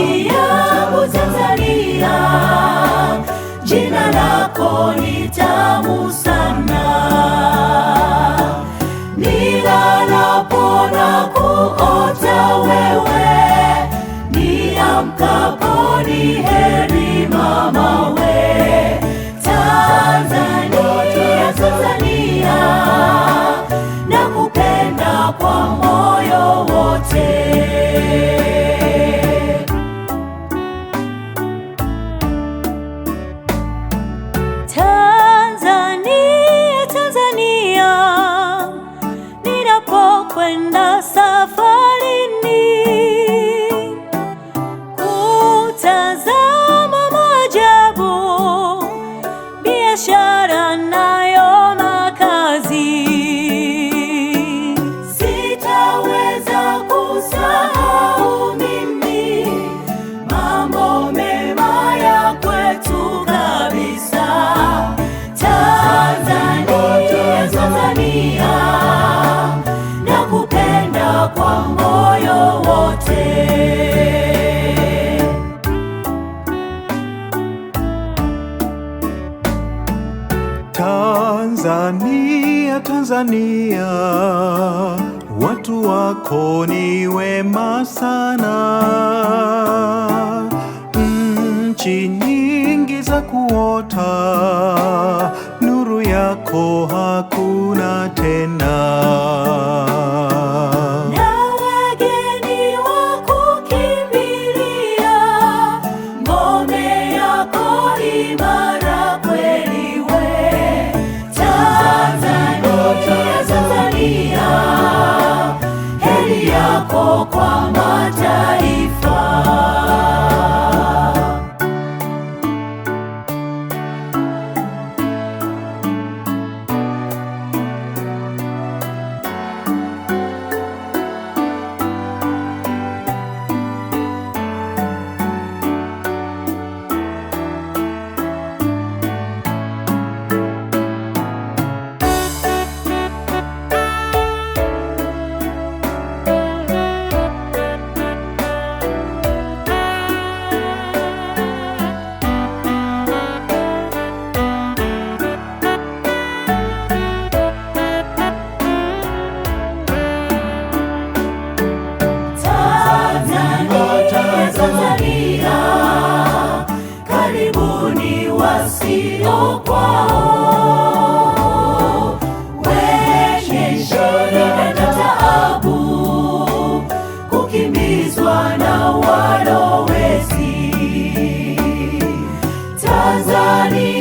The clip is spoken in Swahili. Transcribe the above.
Nchi yangu Tanzania, jina lako ni tamu sana, nilalapo na kuota wewe, niamkapo ni heri mama we. Tanzania, Tanzania, nakupenda kwa moyo deixará. Tanzania, watu wako ni wema sana. Nchi nyingi za kuota, nuru yako hakuna tena. yako kwa wasio kwao, wenye shida na taabu, kukimbizwa na walowezi Tanzania